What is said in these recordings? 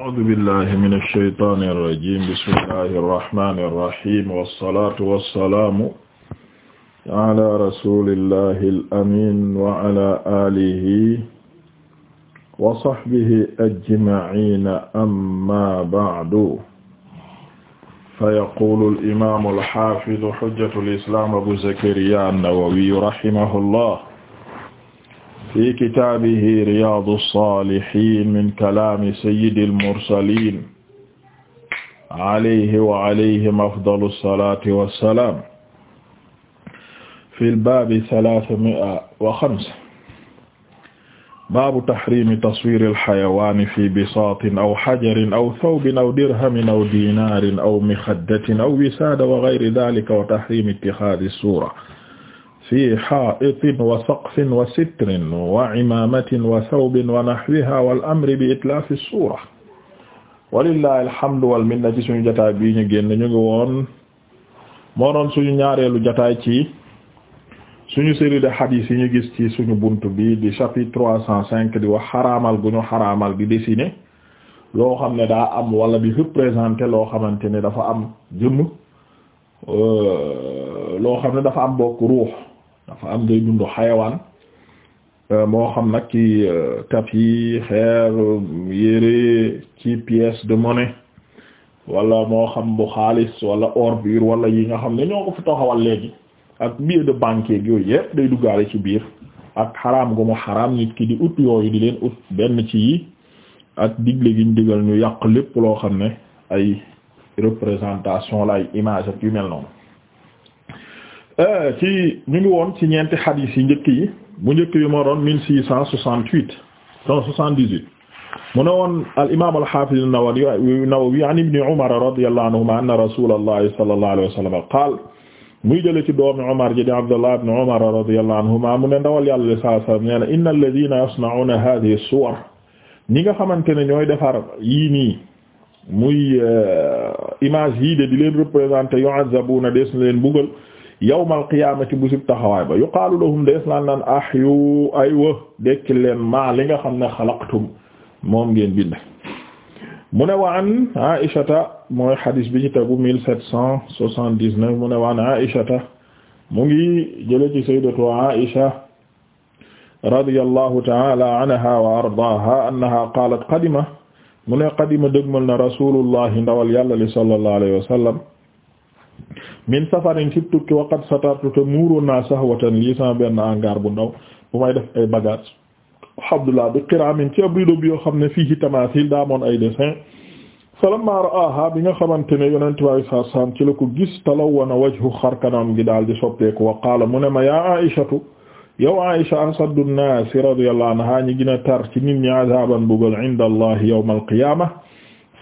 a'uuzu billahi mina shaytaani rajiim bismillahi rahmaani rahiim wassalaatu wassalaamu ala rasuulillahi al-amiin wa ala aalihi wa sahbihi ajma'iina amma ba'du fayaquulu al-imaamu al-haafidu hujjatu al-islaam abu zakariyaa an-nawawi rahimahullah fi kitaabihi riyaadu saalihiin min kalaami sayyidil mursaliin alayhi wa alayhim afdalu salaati wa salaam fil baabi salaasa mi'a wa xamsa baabu taxriimi taswiiril xayawaani fi bisaatin aw xajarin aw sawbin aw dirhamin aw diinaarin aw mixaddatin aw wisaada wa gayri daalika wa taxriimi ittixaadi suura fi ha'itin wa saqfin wa sitrin wa imaamatin wa thawbin wa nahwiha wal amri bi itlaafi suura walillahi alhamdu wal minna ci suñu jataay bii ñu génn ñu ngi woon moo doon suñu ñaareelu jataay ci suñu série de hadith yi ñu gis ci suñu bunt bi di chapitre trois cent cinq di wax xaraamal gu ñu xaraamal di dessiner loo xam ne daa am wala bi représenter loo xamante ne dafa am jëmm euh, loo xam ne dafa am bokk ruux dafa am ngay dund xayawaan euh, moo xam nag ci euh, tapis xeer yére ci pièce de monnaie walla moo xam bu xaalis wala or biir wala yi nga xam ne ñoo ko fi taxawal léegi ak billet de banque yooyu yëpp day duggaale ci biir ak xaraam gu mu xaraam nit ki di ut yooyu di leen ut benn ci yi ak digle gi ñu digal ñu yàq lépp loo xam ne ay représentation la ay image ak yu mel noonu Euh, ci ñu ngi woon ci ñeenti xadiis yi njëkk yi bu njëkk bi moo doon mille six cent soixante-huit mu ne woon al imaam al haafiz an-Nawawi Nawawi an ibni Umar radiyallahu anhuma anna rasulallahi sallallahu alayhi wa sallam qaal muy jële ci doomi Umar ji di Abdullah ibn Umar radiyallahu anhuma mu ne ndawal yàlla li sallallahu alayhi wa sallam nee na inna alladhina yasna'una hadhihi as-suwar ñi nga xamante ne ñooy defar yii nii muy euh, image yii de di leen représenter yu'azzabuna des na leen yawmal qiyaamati bu sib taxawaay ba yuqaalu lahum dees naan naan ahyu aywa dekki leen maa li nga xam ne xalaqtum moom ngeen bind mu ne wa an aishata mooy xadis bi ci tegu mille sept cent soixante-dix-neuf mu ne wa an aishata mu ngi jële ci sayyidatu aisha radiyallahu ta'ala anha wa ardaaha annaha qaalat qadima mu ne qadima dëgmal na rasulullahi ndawal yàlla li sallallahu alayhi wa sallam min safarin ci tukki waqad satartu te muuru naa sahwatan lii sama benn angaar bu ndaw bu def ay bagage alhamdulillah bi qiraamin ci ab bi yoo xam ne fii ci tamasil daa moon ay dessin falamma ra'aha bi nga xamante ne yonent bi saa saam ci la ko gis talawwana wajhu xarkanam gi daal di soppeeku wa mu ne ma ya Aïshatu yow Aïsha asaddu nnaasi radiyallahu anha ñi gën a tar ci nit ñi azaban bugal inda allah yawmal qiyaama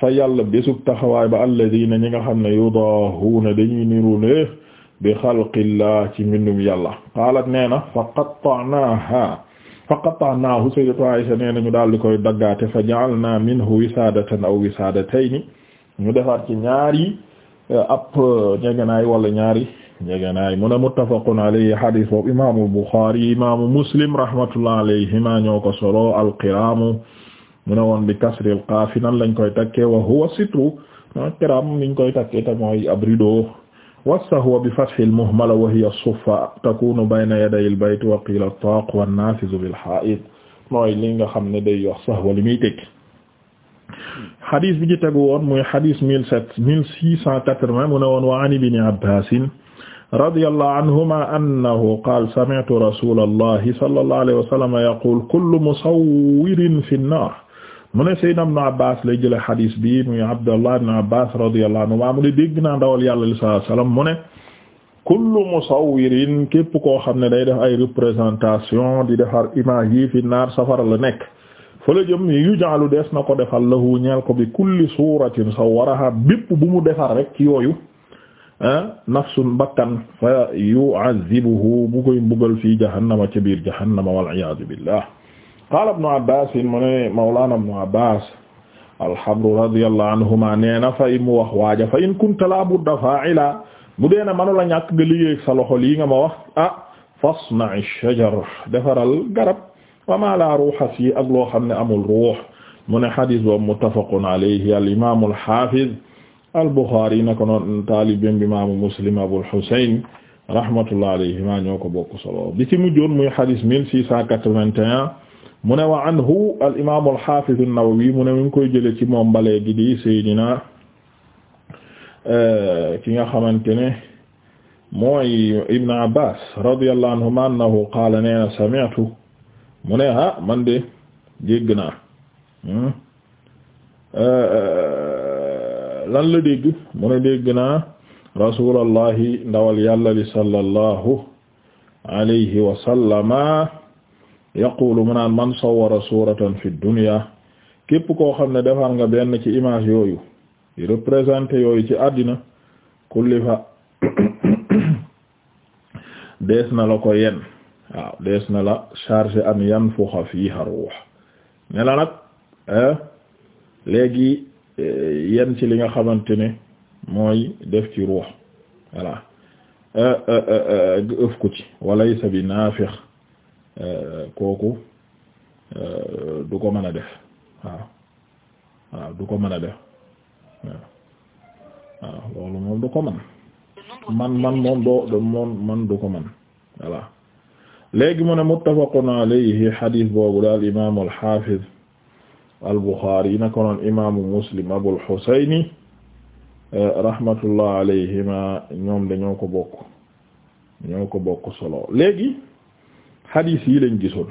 fa yàlla bésub taxawaay ba alladina ñi nga xam ne yudaahuuna dañuy nirule bi xalqillah ci mbindum yàlla qaalat nee na fa qatta'naaha fa nee na ñu daal di koy daggaate fa ja'alnaa minhu wisaadatan aw wisaadatayni ñu defar ci ñaari eh, ab ñegenaay eh, wala ñaari ñegenaay mu ne muttafaqun alayhi hadith boobu imaamu Buxaari imaamu Muslim rahmatullah alayhima ñoo ko solo alqiraamu mu ne woon bi kasril qaaf nan lañ koy takkee wa huwa sitru ah, kiram koy takkee te mooy ab rideau wastahwa bi fathil muhmala wa hiya suffa takunu bayna yaday al bayt wa qila at-taaq wa an-naafizu bil haa'it mooy li nga xam ne day wax sahwa li muy tekki xadis bi ci tegu woon muy xadis mille sept mille six cent quatre-vingts mu ne woon wa an ibni abbasin radiyallahu anhuma annahu qaala sami'tu rasulallahi sallallahu alayhi wa sallam yaqulu kullu musawwirin fin naar mone ne Seydina Ibn Abbas lay jële xadiis bi muy Abdallah ibn Abbas radiyallahu anhu maa mu ne dégg naa ndawal yàlla li sallallahu alayhi wasallam mu ne kullu musawirin képp koo xam ne day def ay représentation di defar image yi fi naar safara la nekk fëla jëm yu jaalu des na ko defal lahu ñeel ko bi kulli suratin sawwaraha bépp bu mu defar rek ci yooyu ah, nafsun bakkan fa yu'azibuhu bu koy mbugal fii jahannama ca biir jahannama wal iyaadu billah qaala ibnu Abbaas mu ne mawlaana ibnu Abbaas alxabru radiyallahu anhuma nee na fa mu wax waaja fa in kunta laa budda faa'ila bu dee ne mënu la ñàkk nga liggéey sa loxo lii nga ma wax ah fasna'i shajar defaral garab wa maa laa ruuha fii ak loo xam ne amul ruux mu ne xadiis boobu muttafaqun alayhi al imaamu al xaafiz al Buxaari na ko noon taalibeem bi imaamu Muslim Abul Husayn rahmatullahi alayhi maa ñoo ko bokk solo bi ci mujjoon muy xadiis 1681 mu ne wa anhu al imaam al haafiz an-Nawawi mu ne mi ngi koy jële ci moom balee gi di Seydina eh, ki nga xamante ne mooy Ibn Abbas radiyallahu anhuma annahu qaala nee na sami'tu mu ne ah man de dégg hmm? eh, lan la dégg ndawal yàlla li yaqulu mu naan man sawwara suratan fi dunya képp koo xam ne defar nga benn ci image yooyu di représenté yooyu ci àddina kullifa dees na la ko yen waaw dees na la chargé an yanfuxa fiha ruux ne la nag léegi eh, yen ci li nga xamante ne mooy def ci ruux voilà eh, eh, ëf ko ci walaysa bi naafix Euh, kooku euh, du ko mën a def waaw waaw du ko mën a def waaw loolu moom du man man moom doo moom man du ko mën voilà léegi mu ne muttafaqun alayhi xadiis boobu daal imaamu alxaafiz albuxaari yi na ko noon imaamu muslim abul xusayni euh, rahmatullah alayhima ñoom dañoo ko bokk ñoo ko bokk solo léegi. xadiis yi lañ gisoon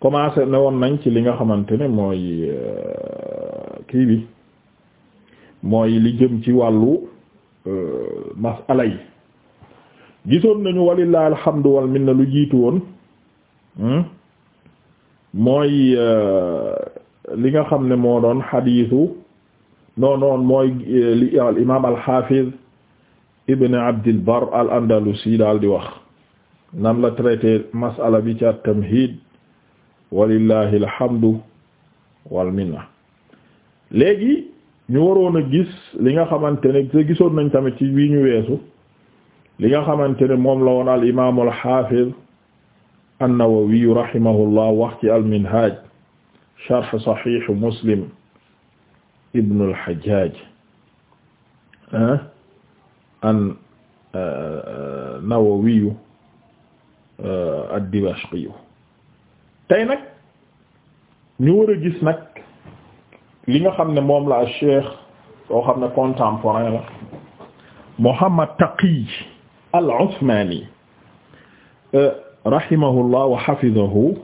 commencé ne woon nañ ci li nga xamante ne mooy euh, kii bi mooy li jëm ci wàllu euh, masala yi gisoon nañu walillahi alhamdu wal minna lu jiitu woon hmm, mooy euh, li nga xam ne moo doon xadiisu non non mooy li al imaam al ibn abdil bar al andalusi daal di wax nan la traité masala bi ci at-tamhid walillahi alhamdu wal minna léegi ñu waroon a gis li nga xamante ne gisoon nañ tamit ci bii ñu weesu li nga xamante ne moom la woon al imaamu al xaafiz an-Nawawi rahimahullah wax ci al minhaj sharh sahih muslim ibn al hajjaj ah, an ah, Euh, ad-Dimashqi tey nag ñu war a gis nag li nga xam ne moom la cheikh soo xam ne contemporain la Muhammad Taqi al-Uthmani euh, rahimahullah wa hafizahu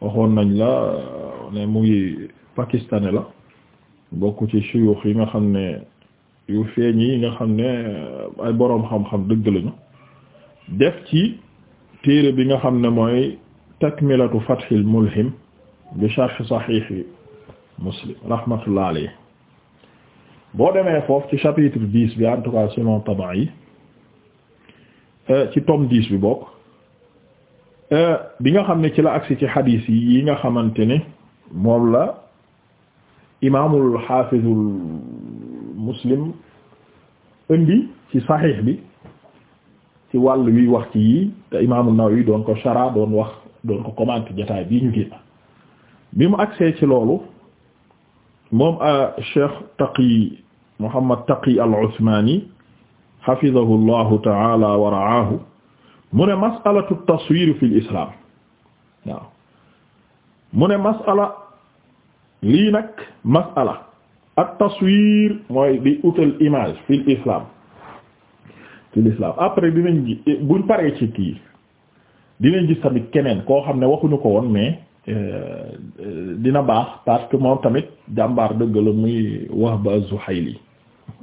waxoon nañ la euh, ne muy pakistanais la bokk ci shuyukh yi nga xam ne yu feeñ yi nga xam ne ay boroom xam-xam dëgg lañu def ci téere bi nga xam ne mooy takmilatu fathil mulhim bi sharh sahih muslim rahmatullah alayh boo demee foofu ci chapitre dix bi en tout cas selon taban euh, ci tom dix bi bokk euh, bi nga xam ne ci la agsi ci xadiis yi nga xamante ne moom la imaamul xaafizul muslim indi ci saxiix bi ci wàll wi wax ci yii te imaamu Nawawi doon ko shara doon wax doon ko commenté jotaay bii ñu génn bi mu agsee ci loolu moom euh, Cheikh Taqi Muhammad Taqi al-Usmani hafizahu llahu taala wa mu ne masalatu taswir fi lislaam mu ne masala lii nag masala at mooy di utal image fi l islam ci après dinañ gi eh, buñ paree ci kii dinañ gis tamit keneen koo xam ne waxuñu ko woon mais euh, euh, dina baax parce que moom tamit jàmbaar dëgg la muy Wahb az-Zuhayli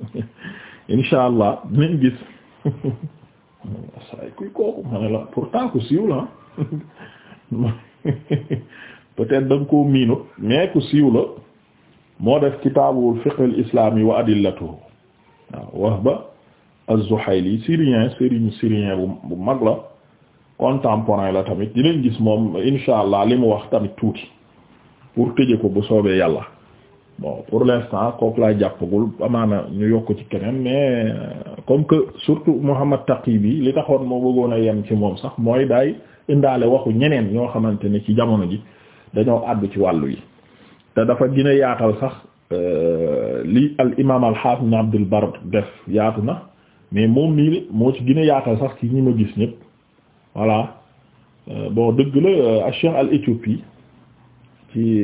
insha allah dinañ gis saay kuy kooku ma la pourtant ku siiw la peut-être da koo miinut mais ku siiw la moo def kitaabul fiqh al islami wa adillatuhu waaw Wahb az-Zuhayli syrien sëriñu syrien bu bu mag la contemporain la tamit dinañ gis moom insha allah li mu wax tamit tuuti pour tëje ko bu soobee yàlla bon pour l'instant kooku laa jàppagul amaana ñu yokk ci keneen mais euh, comme que surtout Muhammad Taqi bi li taxoon moo bëggoon a ci moom sax mooy daay indaale waxu ñeneen ñoo xamante ne ci jamono ji dañoo àddu ci wàllu yi te dafa gën yaatal sax euh, li al imaam al haafid Abdul Barr def yaatu na mais moom mii moo ci gën a yaatal sax ci ñi ma gis ñëpp voilà euh, boo dëgg la euh, Cheikh al Éthiopie ci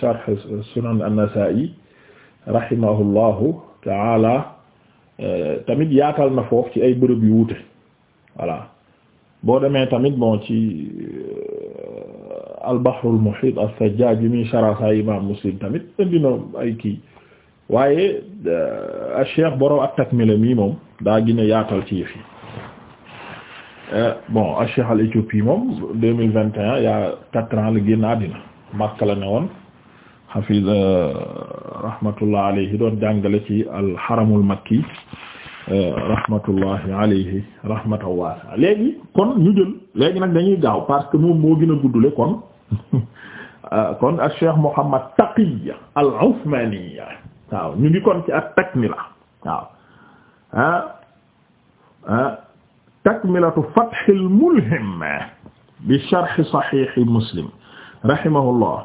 sharh Sunan an-Nasa'i rahimahullahu ta'ala euh, tamit yaatal na foofu ci ay bërëb yu wuute voilà boo demee tamit bon ci al-Bahr al-Muhit as-Sajjaj bi muy sharh Imam Muslim tamit indi na ay kii waaye euh, Cheikh borom at-Takmila mii moom daa gën a yaatal ci yëf yi euh, bon Cheikh al-Éthiopie moom deux mille vingt et y'a quatre ans la génn àddina Makka la ne woon hafiz euh, doon jàngale ci al-Haramul Makki rahmatullahi alayhi rahmatan waasi'a léegi kon ñu jël léegi nag dañuy gaaw parce que moom moo gën a guddule kon kon ak Cheikh Mouhammad Taqiya al-Usmaniya waaw ñu ngi kon ci ak takmila waaw ah ah takmilatu fathil mulhim bi sharh sahih muslim rahimahullah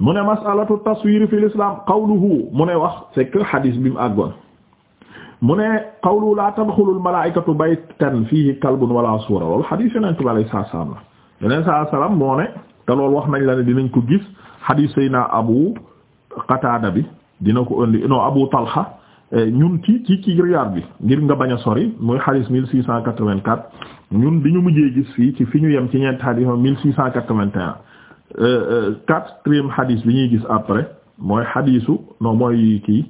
mu ne masalatu taswir fi l'islam qawluhu mu ne wax c'est que hadis bi mu àggoon mu ne qawluhu la tadxulu almalaikatu baytan fihi kalbun wala suura loolu hadis yonent bi alayhi salaatu salaam la yonent salaatu salaam moo ne te loolu wax nañ la ne dinañ ko gis hadis sayna abu qataada bi dina ko indi non Abu Talha eh, ñun ci ci ci Riyad bi ngir nga bañ a sori muy xadis 1684 ñun bi ñu mujjee gis fii ci fi ñu yem ci ñeenti xadis moom 1681 quatrième xadis bi ñuy gis après mooy xadisu non mooy kii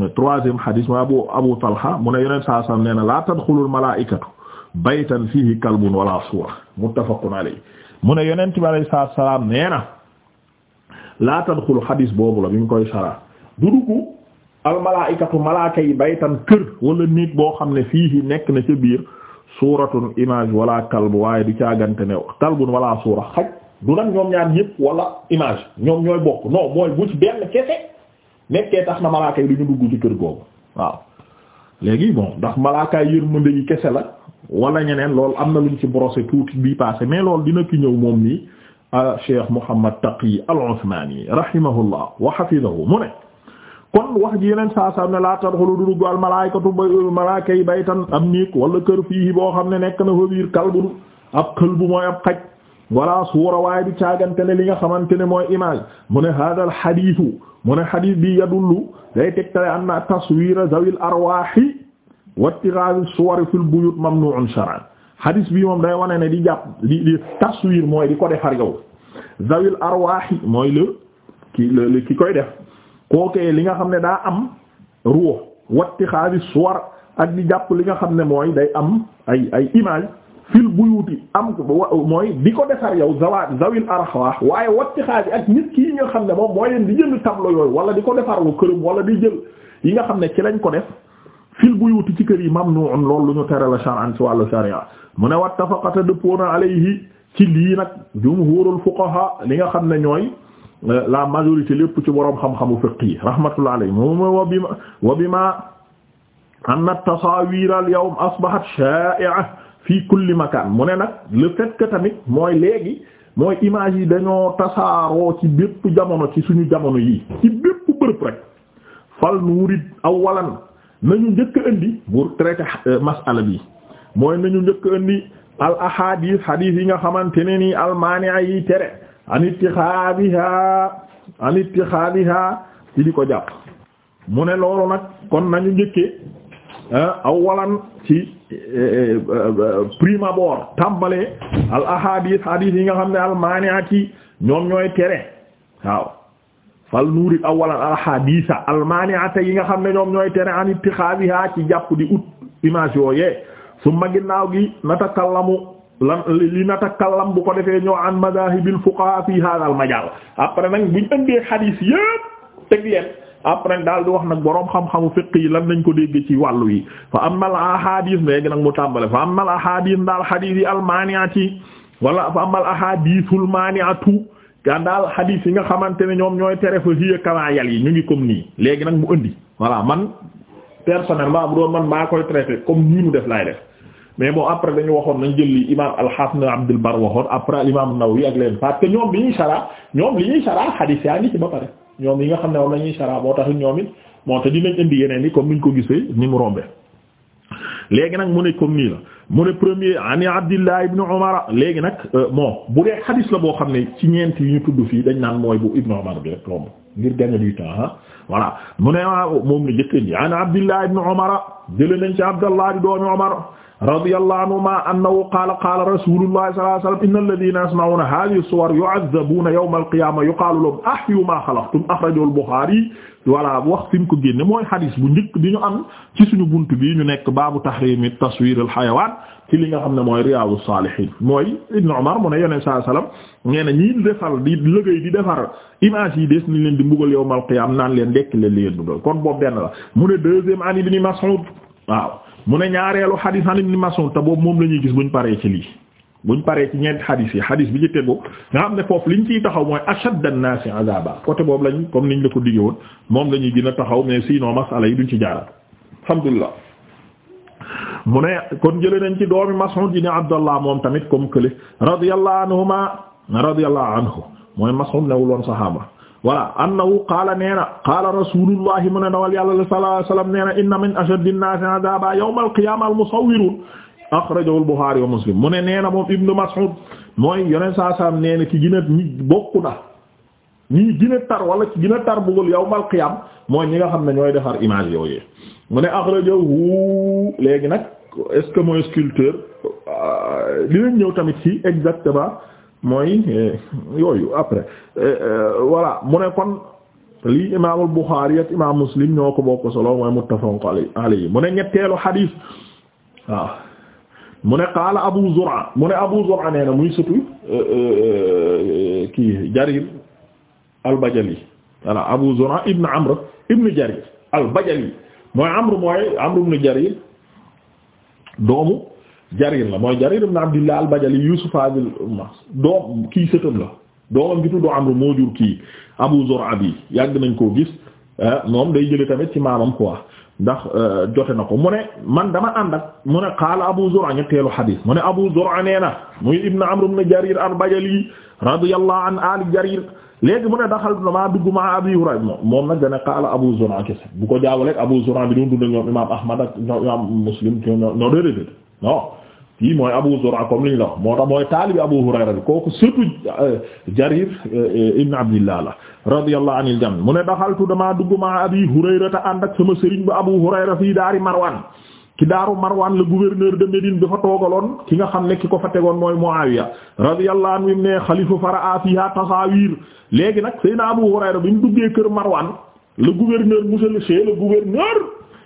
eh, troisième xadis mooy Abu Abu Talha mu ne yeneen saa sam nee na la tadxulul malaa'ikatu baytan fihi kalbun wala suura muttafaqun alayhi mu ne yonent bi alayhi salaam nee na laa tadxulu xadis boobu la bi mu koy sara du duggu almalaaykatu malaaka yi baytan kër wala nit boo xam ne fii nekk na ca biir suuratun image wala kalb waaye du caagante ne kalbun wala suura xaj du nag ñoom ñaar ñëpp wala image ñoom ñooy bokk noo mooy bu ci benn kese nekkee tax na malaaka yi du ñu dugg ci kër googu waaw léegi bon ndax malaakaay yërmande yi kese la wala ñeneen loolu am na luñ ci brosser tuuti bii passé mais loolu dina ki ñëw moom nii ah, Cheikh Mouhammad Taqi al-Usmani rahimahullah wa hafizahu mu kon wax ji yeneen saa laa ne laa tadxulu du dugg ma malaykatu malaaka yi baytan am wala kër fii boo xam ne nekk na fa biir kalbu ab kalbu mooy ab xaj wala suura waaye di caagante ne li nga xamante ne mooy image mu ne hadal xadiisu mu ne xadiis bi yadullu day tegtale anna taswira zawil arwaahi wa ittixaazu suwari fil buyut mamnuun shar'an xadiis bi moom day wane ne di jàpp di di taswir mooy di ko defar yow zawil arwaahi mooy le ki koy de kookee li nga xam ne daa am ruux watti xaalis suwar ak di jàpp li nga xam ne mooy day am ay ay image fil buyuti am mooy di ko defar yow zawaat zawil arxwaax waaye watti xaalis ak nit ki yi nga xam ne moom mooy leen di jënd tableau yooyu wala di ko defar lu këram wala di jël yi nga xam ne ci lañ ko def fil buyuti ci kër yi nu mamnuun loolu lu ñu tere la shar'an ci wàllu sharia mu ne wattafaqata a alayhi ci lii nag jumhurul fuqaha li nga xam ne ñooy Euh, la majorité lépp ci boroom xam-xamu fiqh yi rahmatullah alayhi moom wa bima wa bima anna tasawir al yawm asbahat sha'i'a fi kulli makan mu ne nag le fait tamit mooy léegi mooy image yi dañoo tasaaroo ci bépp jamono ci suñu jamono yi ci bépp bërëb rek fal nuurit awalan nañu njëkk indi pour traiter euh, masala bi mooy nañu njëkk indi al ahadith hadith yi nga xamante ne nii almaania yi tere an ittixaadiha an ittixaadiha ci di ko jàpp mu ne loolu nag kon nañu njëkke ah, awalan ci prime abord tàmbalee al ahadis hadis yi nga xam ne al maniati ñoom ñooy tere waaw fal nuurit awalan al ahadisa al maniata yi nga xam ne ñoom ñooy tere an ittixaadiha ci jàpp di ut image yooyee su ma ginnaaw gi natakallamu lan li lam bu ko defee ñoo an madahibil fuqaha fi hadha al majal après nag buñ ëndee xadiis yépp teg leen après daal di wax nag boroom xam-xamu fiq yi lan nañ ko dégg ci wàllu yi fa amal ahadis léegi nag mu tàmbale fa amal ahadis daal xadiis yi almaaniati wala fa amal ahadisul maaniatu gan daal xadiis yi nga xamante ne ñoom ñooy tere fa hiya kama yal yi ñu ngi comme nii léegi nag mu indi voilà man personnellement bu doon man maa koy traité comme nii mu def laay def mais bon après dañu waxoon nañ jël li imam al-Hasan Abdul Bar waxoon après imam Nawawi ak leen parce que ñoom li ñuy sara ñoom li ñuy sara xadiis yaa ngi ci ba pare ñoom yi nga xam ne moom la ñuy moo tax ñoom moo tax dinañ indi yeneen yi comme niñ ko gisee ni mu léegi nag mu ne comme nii la ne premier ani Abdillah ibn Umar léegi nag euh, bon bu dee xadiis boo xam ne ci ñeent yi ñu tudd fii dañ naan mooy bu Ibn Umar bi rek romb ngir gagner du temps ah voilà mu ah, nañ ci Abdallah di doomi Umar radiyallahu anhuma annahu qaala qaala rasulullahi sallallahu alayhi wa sallam inna alladhina yasma'una hadhihi as-suwar yu'adhabuna yawm al-qiyamah yuqalu lahum ahyu ma khalaqtum akhrajahu al-bukhari voilà wax fi mu ko génne mooy hadith bu njëkk bi ñu am ci suñu bunt bi ñu nekk baabu tahrimi taswir al-hayawan ci li nga xam ne mooy riyadus salihin mooy ibn umar mu ne yonent sallallahu alayhi wa sallam nee na ñi defal di liggéey di defar image yi des ni leen di mbugal yawm al-qiyamah naan leen dekk leen li ngeen dugal kon boobu benn la mu ne deuxième an ibn mas'ud waaw mu ne ñaareelu xadis an ibn Mas'ud te boobu moom la ñuy gis ñu paree ci lii buñ paree ci ñeenti xadis yi xadis bi ci tegu nga xam ne foofu ñu ciy taxaw mooy ashadda an-naasi azaba côté boobu lañ comme niñ la ko digge woon moom la ñuy gën a taxaw mais sinon masala yi duñ ci jaarat alhamdulillah mu ne kon jële nañ ci doomi Mas'ud yi ne Abdallah moom tamit comme kële radiyallahu anhuma radiyallahu anhu mooy Mas'ud newuloon sahaaba voilà anna qaala nee na qaala rasulullahi mu ne ndawal yàlla sallallahu alayhi wasallam nee na inna min ashaddi an-naasi adaaba yawma al-qiyaama al-musawwirun akhrajahu al wa Muslim mu ne nee na moom Ibn Mas'ud mooy yoneen saa saam nee ci gën a ñi bokk na ñi gën a tar wala ci gën tar bugul yawmal qiyaam mooy ñi nga xam ne ñooy defar image yooyu mu ne akhrajahu léegi nag est-ce que mooy sculpteur euh, dinañ ñëw tamit ci exactement mooy eh, yooyu après eh, eh, voilà mu ne kon lii imaamul Buxaari ak imaam Muslim ñoo ko bokk solo mooy muttafaqun alayhi mu ne ñetteelu xadiis waaw mu ne qaala Abu Zur'a mu ne Abu Zur'a nee na muy sëtu kii Jarir al Abu Zur'a ibn Amr ibn Jarir al mooy Amr mooy Amr ibn Jarir doomu. jarir la mooy jarir ibn abdillah al-bajali yusuf abil umma doom kii sëtam la doomam gi jur kii abu zur'a bi yàgg nañ ko gis eh, moom day jële tamit ci maanam quoi ndax eh, jote na ko mu ne man dama ànd ak mu ne qaala abu zur'a ñetteelu xadiis mu ne abu zur'a nee na muy ibn amru ibn jarir al-bajali radiyallahu an ali jarir léegi mu ne daxal dama dugg ma abi hurayra moom nag dana qaala abu zur'a kese bu ko jaawale ak abu zur'a bi doon dund ñoom imam ahmad imam muslim ñoo déedéet kii mooy Abu Zur'a comme li ñu la wax moo tax mooy taalibi Abu Hurayra bi kooku surtout euh, Jarir euh, ibn Abdillah la radiyallahu anil jami mu ne daxaltu damaa dugg ma Abi Hurayra te ànd ak sama sëriñ ba Abu Hurayra fii daari Marwan ki daaru marwaan la gouverneur de Médine bi fa toogaloon ki nga xam ne ki ko fa tegoon mooy Muawiya radiyallahu anhu ne xalifa fara'a fiha tasawir léegi nag Seydina Abu Hurayra bi mu duggee kër marwaan le gouverneur monsieur le chef le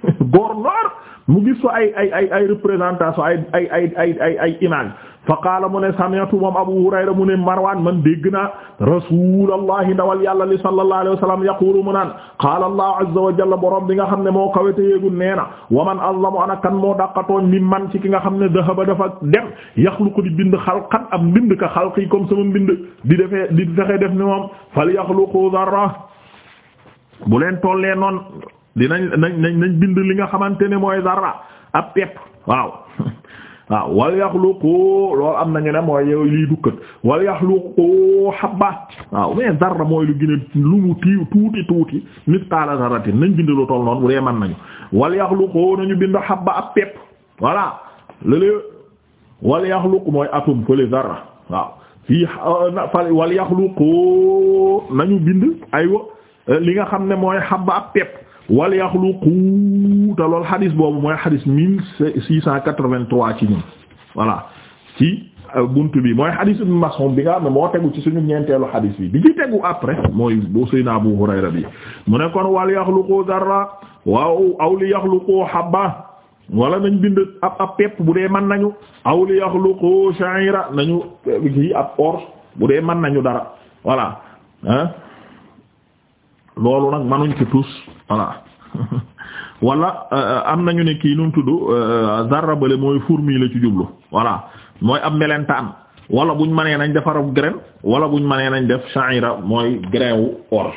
góor noor mu gis fa ay ay ay ay représentation ay ay ay ay ay ay image fa qaala mu ne sami'tu moom Abu Hurayra mu ne Marwan man dégg naa rasulallahi ndawal yàlla li sallallahu alayhi wa salaam yaqulu mu naan qaala allah azza wa jalla borom bi nga xam ne moo kawete yéegul nee na wa man azlamu ana kan moo dàqatooñ mi man ci ki nga xam ne dahaba dafa dem ko di bind xalqan am mbind ka xalqi comme sama mbind di defee di fexe def ni moom fal yaxluqu dharra bu leen dinañ nañ nañ nañ bind li nga xamante ne mooy dara ab pepp waaw waaw wal yaxluqu loolu am nañu ne mooy yow dukkat wal yaxluqu habba waaw mais zarra mooy lu gën a lu mu tiiw tuuti tuuti misqaala zarratin nañ bind lu toll noonu bu dee mën nañu wal yaxluqu nañu bind habba ab pepp voilà lële wal yaxluqu mooy atum fële zarra waaw fii wal yaxluqu nañu bind wo li nga xam ne mooy habba ab pepp wal yaxluqu te loolu xadis boobu mooy xadis mille six cent quatre-vingt-trois ci ñun voilà ci euh, buntu bi mooy xadis Ibn Mas'ud bi nga xam ne moo tegu ci suñu ñeenteelu xadis bi bi ci tegu après mooy bu Seydina Abu Hurayra bi mu ne kon wal yaxluqu darra waaw aw li yaxluqu habba wala nañ bind ab ab pepp bu dee mën nañu aw li yaxluqu sha'ira nañu yi euh, ap orge bu dee mën nañu dara voilà loolu nag manuñ ci tous voilà wala euh, euh, am nañu ne kii nu tudd dara euh, bale mooy fourmi la ci jublu voilà mooy ab melentaan wala buñ mënee nañ defar ab wala buñ mënee nañ def sha'ira mooy grain wu or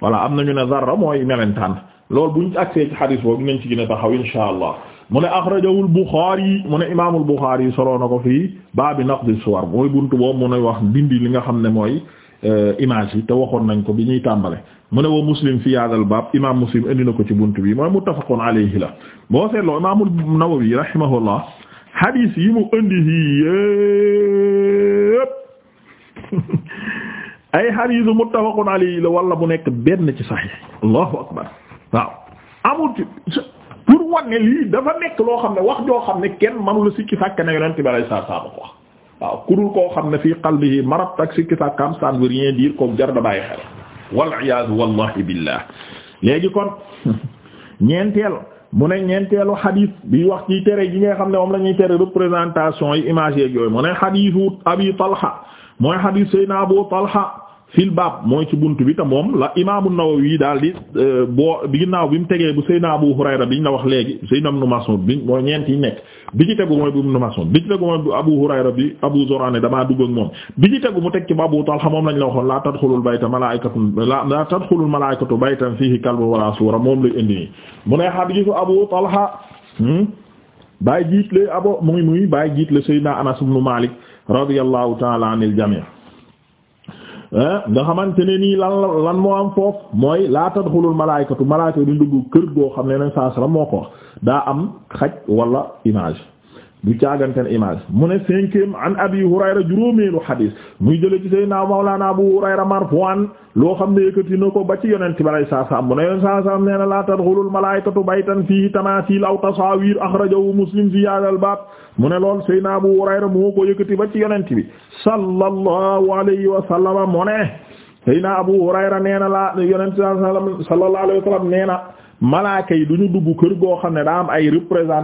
voilà am nañu ne zarra mooy melentaan loolu buñ agsee ci xadis boobu dinañ ci gine a taxaw insha allah mu ne axrajahu al-Buxaari mu ne imaamul Buxaari soloo na ko fii baabi naqdi suwar mooy bunt boobu mu ne wax dindi li nga xam ne mooy Euh, image yi te waxoon nañ ko bi ñuy tàmbale mu ne wa muslim fi hadal baab imaam muslim indi na ko ci bunt bi mooy muttafaqun alayhi la boo seetloo imaamul nawawi rahimahullah hadith yi mu indi yi yépp ay hadith muttafaqun alayhi la wala bu nekk benn ci sahih allahu akbar waaw amul ci pour wane lii dafa nekk loo xam ne wax joo xam ne kenn mënu la sikki sàkk na yonent bi sallallahu alayhi wasallam wax waaw kudul koo xam ne fii qalbihi marad ak sikki sàkkaam ça ne veut rien dire comme jar da bàyyi xel waliyasu wallahi billah léegi kon ñeenteel mu ne ñeenteelu xadis bi wax ci tere gi nga xam ne moom lañuy ñuy tere représentation yi image yeeg yooyu mu ne xadisu abi talha mooy xadis sayna abu talha fil baab mooy ci bunt bi te moom la imaamu Nawawi daal di euh, boo ginnaaw bi mu tegee bu Seydina Abu Hurayra biñ la wax léegi Seydina Ibn Mas'ud bi mooy ñeent yi nekk bi ci tegu mooy bu bi ci tegu mooy Abu Hurayra bi Abu Zur'a ne damaa dugg moom bi ci tegu mu teg ci bu Abu Talha moom lañ la waxoon laa tadxulul bayta malaa'ikatun laa tadxulul malaa'ikatu baytan fiihi kalbun walaa suura moom lay indi nii mu ne hadiisu Abu Talha hmm? bàyyi jiit la abo muy muy bàyyi jiit la Seydina Anas ibn Malik radiyallahu ta'ala anil jami' Eh, nga xamante ne nii lan la lan moo am foofu mooy laa tadxulul malaayikatu malaayika duñ dugg kër goo xam ne nañ saa moo ko daa am xaj wala image du caaganten image mu ne cinquième an abi hurayra juróomeelu xadis muy jële ci sayyidina mawlana abu hurayra marfu'an loo xam ne yëkkati na ko ba ci yonent balay saa sam mu ne yonent saa sam nee na la tadxulul malaikatu baytan fihi tamasil aw tasawir akhrajahu muslim fi hadha al bab mu ne lool sayyidina abu hurayra moo ko yëkkati ba ci yonent bi sallallahu alayhi wa sallama mu ne abu hurayra nee la yonent sallallahu alayhi wa sallam nee na malaaka yi kër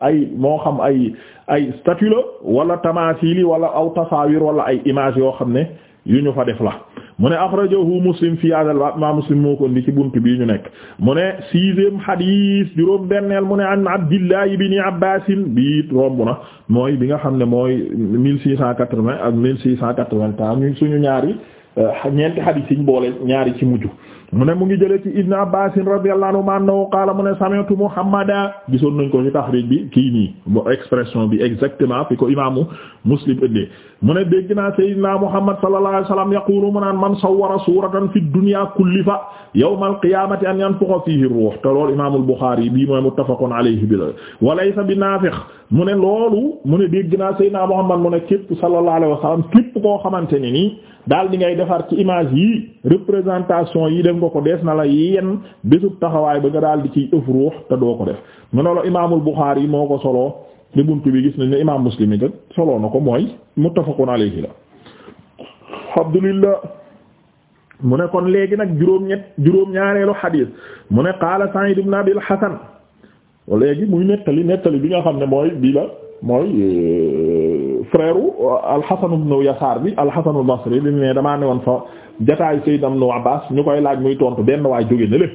ay moo xam ay ay statue la wala tamaasili wala aw tasawir wala ay image yoo xam ne yu ñu fa def la mu ne akhrajahu muslim fi hadal baab ma muslim moo ko ndi ci bunt bii ñu nekk mu ne sixième hadith juróom benneel mu ne an abdillah ibni abbasin bi romb na mooy bi nga xam ne mooy mille six cent quatre-vingt ak mille six cent quatre-vingt-un suñu ñaari euh, ñeenti hadith yi ñu boole ñaari ci mujj mu ne mu ngi jëlee ci ibn Abbas radiyallahu anhu annahu qaala mu ne sami'tu Muhammadan gisoon nañ ko ci taxriij bi kii nii mo expression bi exactement fi ko imaamu Muslim ëndee mu ne dégg naa sayyidina Muhammad sallallahu alayhi wasallam yaqulu mu naan man sawwara suratan fi dunya kullifa yawmal qiyamati an yanfukha fihi ruh te loolu imaamul Bukhari bii mooy muttafaqun alayhi bi la wa laysa bi naafiq mu ne loolu mu ne dégg naa sayyidina Muhammad mu ne képp sallallahu alayhi wasallam képp koo xamante ni nii daal di ngay defar ci image yi représentation yii def nga ko dees na la yenn bésub taxawaay ba nga daal di ci ëf ruux te doo ko def mu ne la imaamul Buxaari yi moo ko soloo li buntu bi gis nañ ne imaam Muslim yi soloo na ko mooy muttafaqun alayhi la Abdulillah mu ne kon léegi nag juróom-ñett juróom-ñaareelu xadiis mu ne qaala Sa'id ibn Abil Hasan léegi muy nettali nettali bi nga xam ne mooy bii la mooy euh, frère alxasan ibnu yasaar bi alxasan al-basri woon fa jataayu sayyidna abbaas ñu koy laaj muy tontu benn waay jóge na lé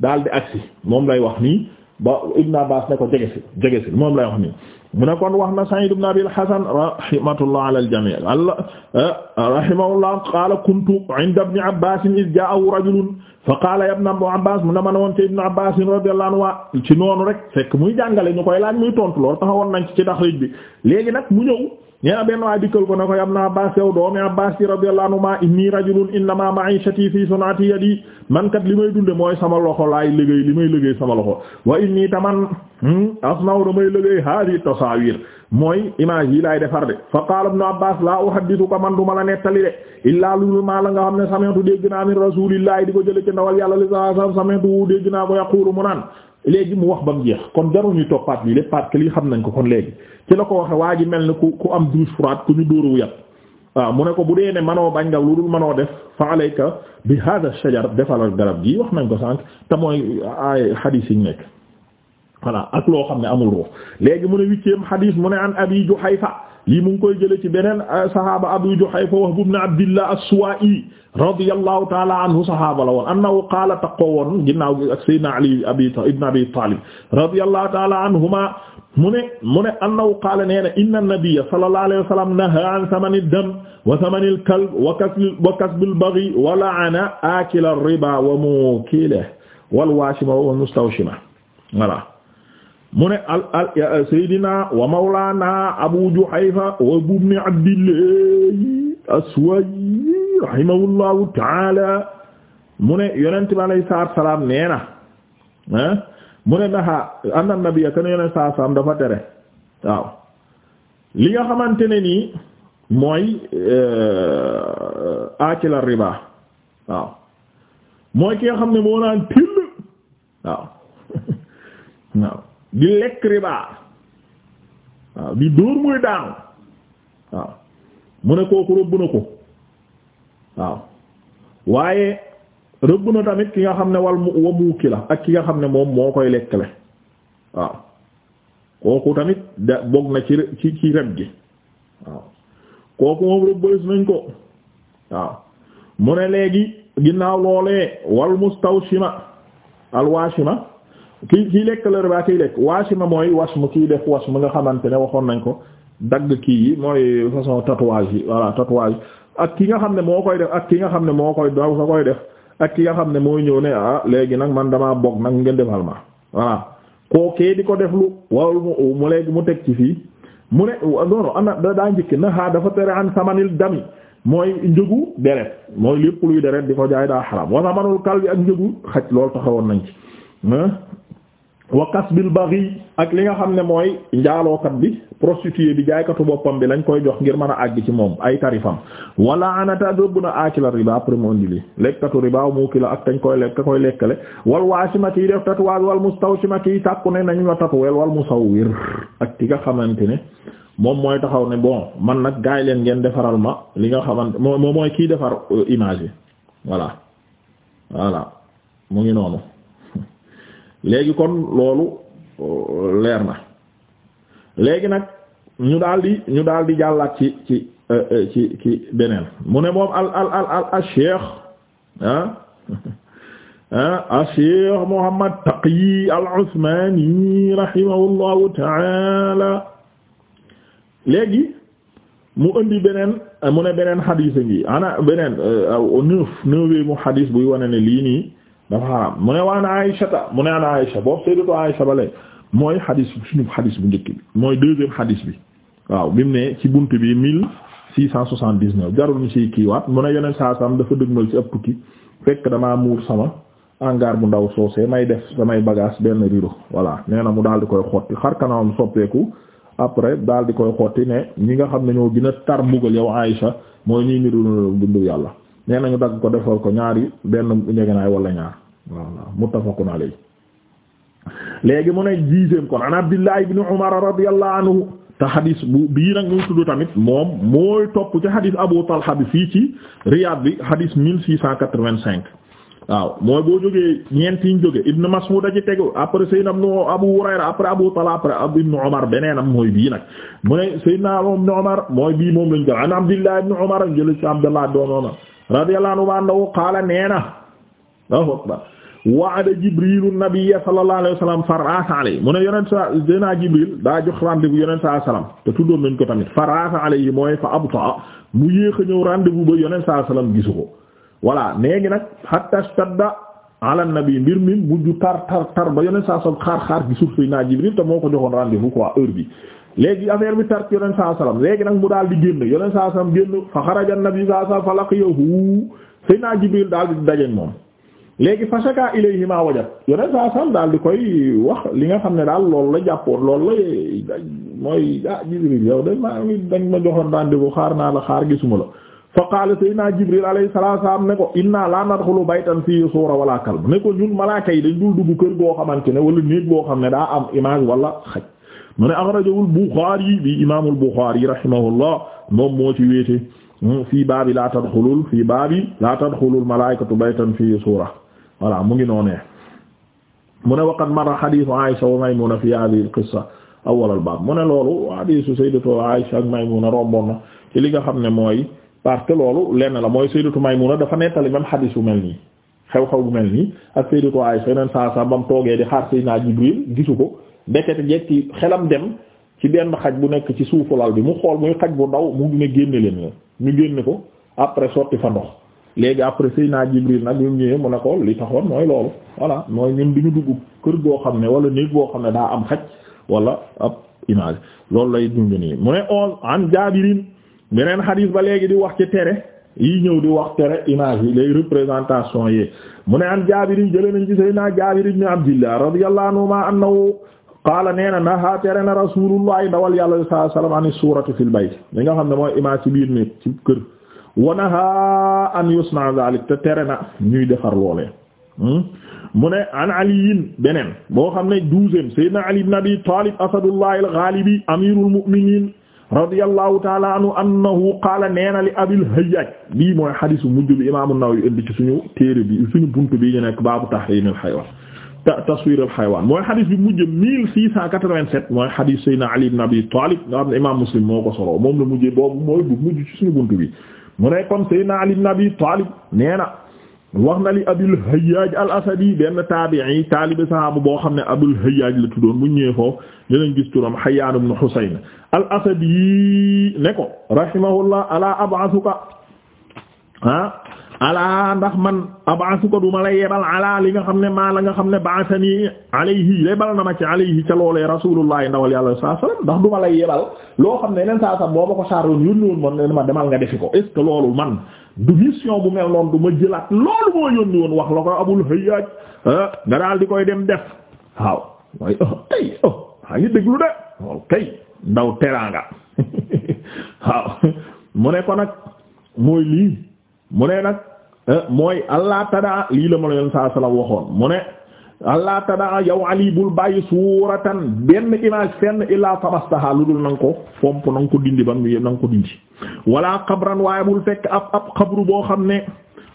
daal di agsi moom lay wax nii ba ibnu abbaas ne ko jege moom lay wax nii mu ne kon wax na sa'iid ibnu abil hasan rahmatullah ala al-jamii eh, rahimahullah qaala kuntu inda ibni jaa'ahu rajulun fa qaala ya ibn Abbaas mu ne ma ne woon ci ibn Abbaas radiyallahu anhu waa ci noonu rek fekk muy jàngale ñu koy laaj muy tontu loolu taxawoon nañ ci ci taxriij bi léegi nag mu ñëw ñeena benn waay dikkal ko ne ko ya ibn Abbaas yow doomi Abbaas yi radiyallahu anhuma inni rajulun innama ma'ishati fi sun'ati yadi man kat li may dunde mooy sama loxo laay liggéey li may liggéey sama loxo wa inni taman hmm, asnaw damay liggéey haadi tasawir mooy image yi laay defar de fa qaala ibnu abbas la uhaddithuka man duma la nettali de illaa lulu maa la nga xam ne samentu dégg naa min rasulillahi di ko jële ci ndawal yàlla li sa sa samentu dégg naa ko yaqulu mu naan léegi mu wax ba mu jeex kon jarul ñuy toppaat lii lépp parce que lii xam nañ ko kon léegi ci la ko waxee waa ji mel ni ku ku am douche froide ku ñu dóoruwu yat waaw mu ne ko bu dee ne manoo bañ nga lu dul manoo def fa alayka bi hadha shajar defalal garab gi wax nañ ko sànq te mooy ay hadith yi nekk voilà ak loo xam ne amul ruux léegi mu ne huitième hadith mu ne an abi juhayfa lii mu ngi koy jële ci beneen euh, sahaaba abu juhayfa wahb ibn abdillah as-suwa'i radiyallahu ta'ala anhu sahaaba la woon annahu qaala taqoo woon ginnaaw gi ak sayyidina ali abi ibn abi talib radiyallahu ta'ala anhuma mu ne mu ne annahu qaala nee na inna nabiyya sallallahu alayhi wa sallam naha an thamani ad-dam wa thamani al-kalb wa kasbi wa kasbi al-baghi wa la'ana akila ar-riba wa mukilahu wal washima wal mustawshima voilà mu ne al al Seydina wa Mawlana Abu Juhayfa wa ibn Abdillahi Aswayi rahimahullahu taala mu ne yonent bi alayhi salaam nee na ah mu ne ndaxa anna nabiyya kana yonent salaam dafa tere li nga xamante ne nii mooy eh, akila riba waaw mooy ki nga xam ne moo naan till waaw waaw. di lekk ribaa waaw di dóor muy daanu waaw mu ne kooku rëbb na ko waaw waaye rëbb na tamit ki nga xam ne wal mu wa muuki la ak ki nga xam ne moom moo koy lekkale waaw kooku tamit da bokk na ci ci ci reb gi waaw kooku moom rëbbëlis nañ ko waaw mu ne léegi ginnaaw loolee wal mustawshima alwaashima kii kii lekk la riba kii lekk waasima mooy wasmu kii def wasmu nga xamante ne waxoon nañ ko dagg kii yi mooy façon tatouage yi voilà tatouage ak ki nga xam ne moo koy def ak ki nga xam ne moo koy daw sa def ak ki nga xam ne mooy ñëw ne ah léegi nag man damaa bokk nag ngeen defal ma voilà kookee di ko def lu wal mu léegi mu teg ci fii mu ne noonu ana daa njëkk na ha dafa tere an samanil dami mooy njëgu deret mooy lépp luy deret di ko jaay daa xaraam wa kal kalbi ak njëgu xaj loolu taxawoon nañ ci wa kasbil baghi ak li nga xam ne mooy njaalookat bi prostituée bi jaaykatu boppam bi lañ koy jox ngir mën a àgg ci moom ay tarifam wala anata dëbb na aakila riba après mu ëndili lekkatu riba muukila ak tañ koy lekk koy lekkale wal waasimati def tatouage wal mustawsimati tàkku ne nañu ma tatouer wal musawwir ak ki nga xamante ne moom mooy taxaw ne bon man nag gaay leen ngeen defaral ma li nga xamante moom mooy kiy defar image yi voilà voilà mu ngi noonu léegi kon loolu euh, leer na léegi nag ñu daal ñu daal jàllaat ci ci euh, euh, ci ci beneen mu ne moom al al al al cheikh ah ah cheikh Muhammad Taqi al Usmani rahimahullahu taala léegi mu indi beneen mu ne beneen xadiis a ngi ana beneen neuf neuf mu xadiis buy wone ne lii nii dafa xaraam mu ne waan Aïsata mu ne an Aïsa boobu sayyidatu Aïsa ba lay mooy xadis suñu xadis bu njëkk bi mooy deuxième xadis bi waaw bi mu ne ci bunt bi mille six cent soixante dix neuf jarul ñu siy kiiwaat mu ne yeneen saa sam dafa dëgmal ci ab tukki fekk damaa muur sama angaar bu ndaw soosee may def samay bagage benn rido voilà nee na mu daal di koy xotti xar kanamam soppeeku après daal di koy xotti ne ñi nga xam ne ñoo gën a tar mbugal yow Aïsa mooy ñuy niru dundu yàlla nee nañu dagg ko defal ko ñaari benn njeganaay wala ñaar voilà muttafaqun alayhi léegi mu ne dixième kon an Abdullah ibn Umar radiyallahu anhu te xadis bii nag ñu tudd tamit moom mooy topp ci xadis Abu Talha bi fii ci Riyad bi xadis mille six cent quatre-vingt-cinq waaw mooy boo jógee ñeent yi ñu jóge Ibn Mas'ud a ci tegu après Seydina Abu Hurayra après Abu Talha après Ibn Umar beneenam mooy bii nag mu ne Seydina Ibn Umar mooy bii moom lañu jël an Abdullah ibn Umar jël ci radiyallahu anhu annahu qaala neena wa'ada Jibrilu nabiyya sallallahu alayhi wa sallam farasa alayhi mu ne yonent sa dina Jibril daa jox rendez-vous yonent saa salaam te tuddoon nañ ko tamit farasa alayhi mooy fa abta mu yéex a ñëw rendez-vous ba yonent salaam gisu ko voilà nee ngi nag hatta stadda ala nabi mbir mi mujj tar tar tar ba yonent saa salaam xaar xaar gisul fi naa Jibril te moo ko joxoon rendez-vous quoi heure bi. léegi affaire bi tar ci yonent saa salaam léegi nag mu daal di génn yonent saa salaam génn fa xaraja nabi saa salaam fa laqiyahu sayna Jibril daal di dajeeg moom léegi fa shaka ilayhi ma wajat yonent saa salaam daal di koy wax li nga xam ne daal loolu la jàppoon lool la mooy ah Jibril yow dañ maa dañ ma joxoon daan vous xaar naa la xaar gisuma la fa qaala sayna Jibril alayhi salaam ne ko inna la nadxulu baytan fihi suura wala kalb ne ko ñun malaaka yi dañ dul dugg kër goo xamante ne wala néeg boo xam ne daa am image wala xaj. mu ne axrajahul Buxaari bi imaamul Buxaari rahimahullah moom moo ci wéete fii baabi laa tadxulul fii baabi laa tadxulul malaa'ikatu baytan fii suura voilà mu ngi noonee mu ne waqad marra hadiisu Aysa wa Maymuna fi haadihil mu ne loolu hadiisu sayyidatu Aysa ak Maymuna romboon na ci li nga xam ne mooy parce que loolu lenn la mooy sayyidatu Maymuna dafa nettali même hadiis bu mel nii xew-xew bu mel nii ak sayyidatu Aysa yeneen mu toogee di xaar Sayyidina Jibril gisu ko. ndekete jekki xelam dem ci benn xaj bu nekk ci suufu lal bi mu xool muy xaj bu ndaw mu ne génne leen ñu génne ko après sotti fa ndox léegi après Seydina Jibril nag ñu ñëwee mu ne ko li taxoon mooy loolu voilà mooy ñun du ñu dugg kër goo xam ne wala néeg boo xam ne daa am xaj wala ab image loolu lay dund nii mu ne onze an Jaabirin beneen xadiis ba léegi di wax ci tere yi ñëw di wax tere image yi lay représentation yi mu ne an Jaabirin jëlee nañ ci Seydina Jaabir ibn Abdillah radiyallahu anhu annahu qaala nee na naha tere na rasulullahi ndawal yàlla sallallahu alayhi wasallam ani suurati fil bayt li nga xam ne mooy image ci biir néeg ci kër wa naha an yusna zalik te tere na ñuy defar loolee hmm? mu ne an aliyin beneen boo xam ne douzième sayyidina ali ibn abi talib asadullahi al-ghalibi amirul mu'minin radiyallahu taala anhu annahu qaala neena li abil hayyaj bii mooy xadisu mujj bi imaamu Nawawi indi ci suñu téere bi suñu buntu bi ñu nekk baabu tahrimil hayawan taswir al xaywaan mooy xadis bi mujj mille six cent quatre-vingt-sept mooy xadis Seydina Ali ibn Abi nga xam ne imaam Muslim moo ko solo moom la mujjee boobu mooy bu mujj ci suñu buntu bi mu ne kon Seydina Ali ibn Abi Talib na wax na li Abul Hayyaaj al Asadi benn taabi'i taalibe sahaaba boo xam ne Abul Hayyaaj la tuddoon mu ñëwee foofu dinañ gis turam Hayyaan ibn Husayn al Asadi ne ko rahimahullah ala ab'athuka ah alaa ndax man ab'asuka duma lay yebal alaa li nga xam ne maa la nga xam ne ba'athani alayhi yebal na ma ci alayhi ca loolee rasulullah ndawal yàlla sallallahu alayhi wasallam ndax duma lay yebal loo xam ne yeneen saa sax boo ma ko saaroon yónni woon man ne ma demal nga defi ko est ce que loolu man du mission bu mel noonu du ma jëlaat loolu moo yónni woon wax la ko abul hayyaaj ah, nga daal di koy dem def waaw mooy oh tey oh maa ngi déglu de loolu kay ndaw teraanga waaw mu ne ko nag mooy lii mu ne nag Eh, mooy allah tadaa lii la ma la yoon saa sala waxoon mu ne allah tadaa yow ali bul bàyyi suuratan benn image fenn illaa famastaha lu dul na ko fomp na ko dindi ba mu na ko dindi wala xabran waaye bul fekk ab ab xabru boo xam ne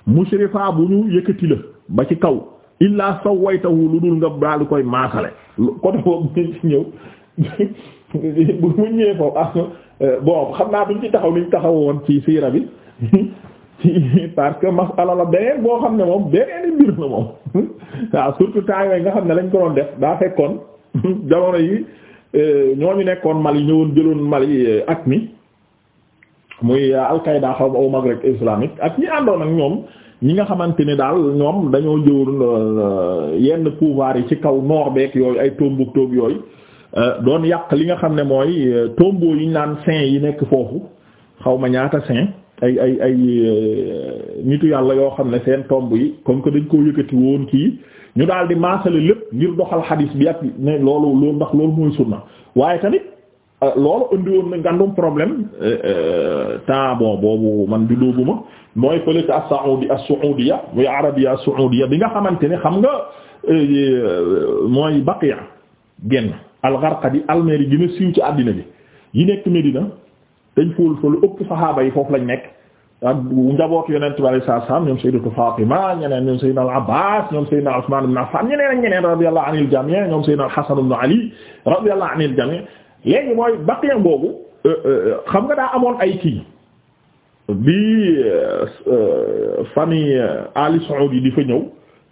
mushrifa bu ñu yëkkati la ba ci kaw illaa sawaytahu lu dul nga daal koy maasale côté boobu ñu ci ñëw bu mu ñëwee foofu ah, bon xam naa duñ ci taxaw niñ taxaw woon ci siira bi parce que masala la beneen boo xam ne moom beneen mbir na moom waaw surtout temps yooyu nga xam ne lañ ko doon def daa fekkoon jamono yi euh, ñooñu nekkoon Mali ñëwoon jëloon Mali euh, ak mi muy euh, al xaw ma au Maghreb ak ñi àndoon ak ñoom ñi nga xamante ni daal ñoom dañoo jëwoon yenn pouvoir yi ci kaw noor beek yooyu ay Tombouctou yooyu doon yàq li nga xam ne mooy tombeaux yi naan saint yi nekk foofu xaw ma ñaata saint ay ay ay euh, nitu yàlla yoo xam ne seen tomb yi comme que dañ koo yëkkati woon kii ñu daal di maasale lépp ngir doxal xadiis bi ak ne loolu loolu ndax loolu mooy sunna waaye tamit euh, loolu indi na ngandum problème euh, temps bon boobu man di dooguma mooy fële ca as-Saudi as-Saudiya muy Arabia as-Saudiya bi nga xamante ne xam nga mooy Baqiya génn al-Gharqadi almeri gën siiw ci àddina bi yi nekk Medina dañ fóol fa lu ëpp saxaaba yi foofu lañ nekk ak njaboot yonent bi alayhi salaam ñoom sayyidatu Fatima ñeneen ñoom sayyidina al-Abbas ñoom sayyidina Usman na Affan ñeneen ak ñeneen radiyallahu anil jami' ñoom sayyidina al-Hasan ibn Ali radiyallahu anil jami' léegi mooy baqiya boobu euh, euh, xam nga daa amoon ay kii bi euh, famille Ali Saoudi di fa ñëw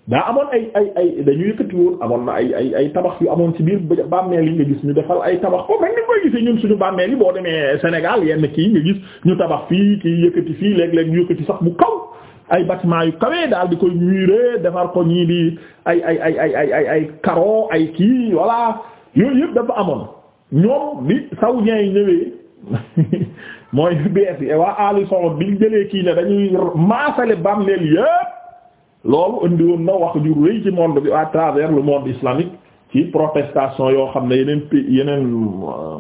daa amoon ay ay ay dañu yëkkati woon amoon na ay ay ay tabax yu amoon ci biir bàmmeel yi nga gis ñu defal ay tabax comme rek ni koy gisee ñun suñu bàmmeel yi boo demee Sénégal yenn kii nga gis ñu tabax fii kii yëkkati fii léeg-léeg ñu yëkkati sax bu kaw ay bâtiment yu kawee daal di koy muré defar ko ñii di ay ay ay ay ay ay ay carreau ay kii voilà yooyu yëpp dafa amoon ñoom bi saoudien yi ñëwee mooy bees yi e waa Ali Saoud bi jëlee kii ne dañuy maasale bàmmeel loolu indi woon na wax ju rëy ci monde bi à travers le monde islamique ci protestation yoo xam ne yeneen pays yeneen euh,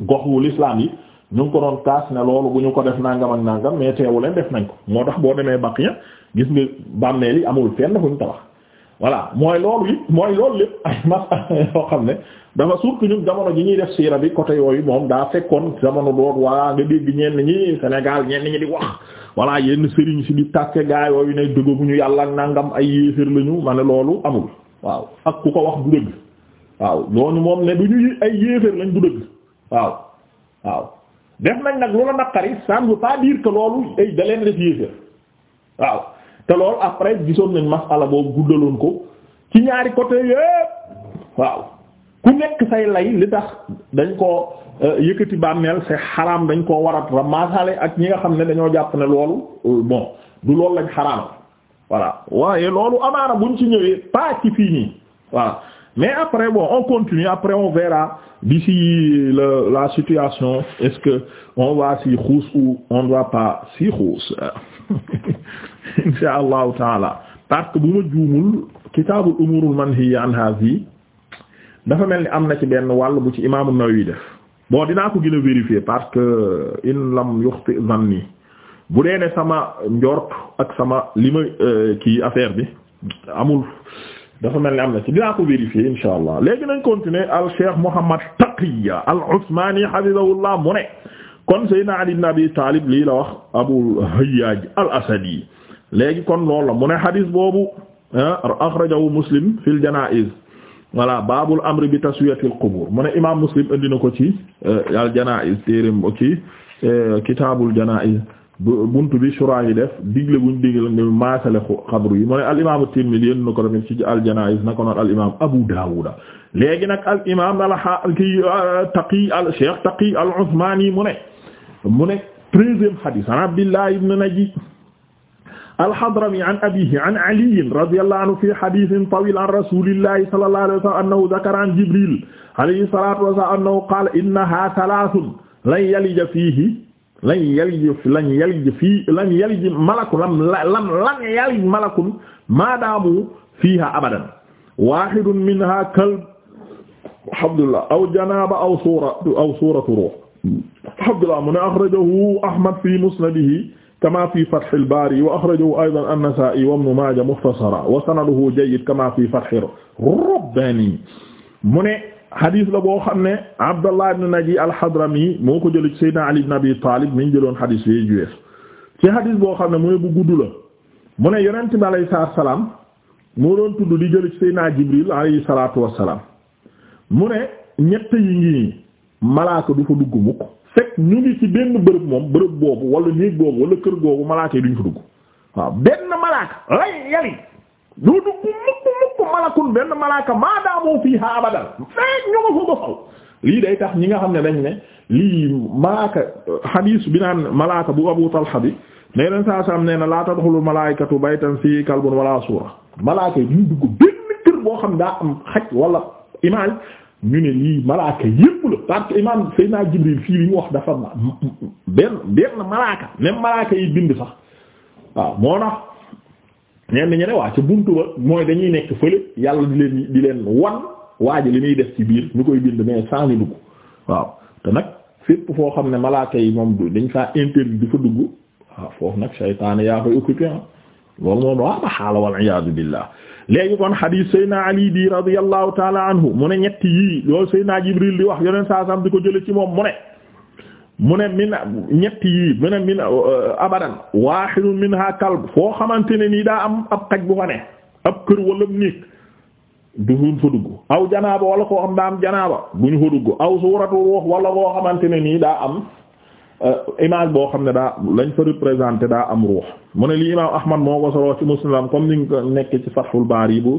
gox wu l'islam yi ñu ngi ko doon kaas ne loolu bu ñu ko def nangam ak nangam mais teewu leen def nañ ko moo tax boo demee Baqiya gis nga bàmmeel yi amul fenn fu ñu tabax voilà mooy loolu it mooy loolu lépp ay mas yoo xam ne dafa surtout ñun jamono ji ñuy def siira bi côté yooyu moom daa fekkoon jamono doot waa nga dégg ñenn ñi Sénégal ñenn ñi di wax voilà yenn sëriñ si di tàkke gaa yooyu ne dëgg bu ñu yàlla ak nangam ay yéeféer lañu ma ne loolu amul waaw ak ku ko wax du dëgg waaw ñooñu moom ne du ñu ay yéeféer lañ du dëgg waaw waaw def nañ nag lu la naqari ça ne veut pas dire loolu ay eh, da leen def yéeféer waaw te loolu après gisoon nañ masala boobu guddaloon ko ci ñaari côté yépp waaw ku nekk say lay li tax dañ ko Euh, yëkkati bàmmeel c'est xaraam dañ koo war a masale ak ñi nga xam ne dañoo jàpp ne loolu euh, bon du loolu lañ xaraam voilà waaye loolu amaana buñ ci ñëwee pas ci fii nii waa mais après bon on continue après on verra d'ici la la situation est-ce que on va s'y xuus ou on ne va pas s'y xuus insha allahu taala parce que bu ma juumul kitaabul umuurul manhiyyi anhaa dafa mel ni am na ci benn wàll bu ci imaamu Nawawi def. bon dinaa ko gën a vérifier parce que in lam yuxti zanni bu dee ne sama njort ak sama li ma euh, kii affaire bi amul dafa mel ni am na ci dinaa ko vérifier insha allah léegi nañ continuer al cheikh Muhammad Taqiya al Usmani hafidahullah mu ne kon Seydina Ali ibn Abi Talib lii la wax Abul Hayyaj al Asadi léegi kon loolu la mu ne hadis boobu ah, akhrajahu Muslim fil janaiz voilà baabul amri bi taswiyatil qubur mu imaam muslim indi ko ci euh, al janaa'iz téereem ci euh, kitaabul janaa'iz buntu bi shura yi def digle buñ digle nga maasale xabru yi mu ne al imaam at-Tirmidhi indi na Abu Daawuda léegi nag al imaam euh, taqi al cheikh taqi al usmaani mu ne mu ne treizième hadith Naji alhadrami an abihi an aliyin radiyallahu anhu fi hadithin tawil an rasulillahi sallallahu alayhi wa sallam annahu dhakara an jibril alayhi salatu wasalam annahu qala innaha thalathun lan yalija fihi lan yalij lan yalij fii lan yalij malakun lam lan yalij malakun maadamu fiiha abadan wahidun minha kalb alhamdulillah aw janaba aw suratu aw suratu ruh alhamdulillah mu ne akhrajahu ahmad fi musnadihi kama fi fathil baari wa axrajahu aydan an-nasaa'i wa ibnu maaja muxtasaran wa sanaduhu jayyid kama fi fathir rabbaani mu ne hadith la boo xam ne Abdallah ibn Naji al-Hadrami moo ko jëlee ci Seydina Ali ibn Abi Taalib mi jëloon hadith yooyu juwees boo xam ne mu ne bu gudd la mu ne Yonent bi alayhi salaam moo doon tudd di jëlee ci Seydina Jibril alayhi salaatu wa salaam mu ne ñett yi ngi malaaka du fa dugg mukk fekk ñu ngi ci benn bërëb moom bërëb boobu wala néeg boobu wala kër googu malaaka yi duñ fa dugg waaw benn malaaka lay yali doo dugg mukk mukk malakun benn malaaka maadaamoo fii ha abadal fekk ñu nga tax ñi nga xam ne dañ ne lii malaaka xadiis bi naan malaaka bu Abu Talha bi ne leen saa saam nee na laa tadxulul malaa'ikatu baytan fii kalbun wala suura malaaka yi duñ dugg benn kër boo xam daa am xaj wala image ñu ne lii malaaka yépp la parce que imam Seydina Jibril fii li mu wax dafa benn benn malaaka même malaaka yi bind sax waaw moo tax ñenn ñi ne ca buntu ba mooy dañuy nekk fële yàlla di leen di leen wan waaj li muy def ci biir ñu koy bind mais sans ñu dugg waaw te nag fépp foo xam ne malaaka yi moom du dañ faa interdit di fa dugg waaw foofu nag saytaane yaa koy occupé ah loolu moom waa ma xaala wal iyaadu billah léegi kon xadiis Seydina Ali bi radiyallahu taala anhu mu ne ñett yii loolu Seydina Jibril di wax yoneen saa sam di ko jële ci moom mu ne mu ne min ñett yii mu ne min euh, abadan waaxidun minha kalb foo xamante ne nii daa am ab xaj bu fa ne ab kër wala néeg duñ fa dugg aw janaaba wala koo xam daa am janaaba bu ñu fa dugg aw suuratu ruux wala koo xamante ne nii daa am Euh, image boo xam ne daa lañ fa représenté daa am ruux mu ne lii imaam Ahmad moo ko soloo ci Muslim comme li nga nekk ci Fathul Baari bu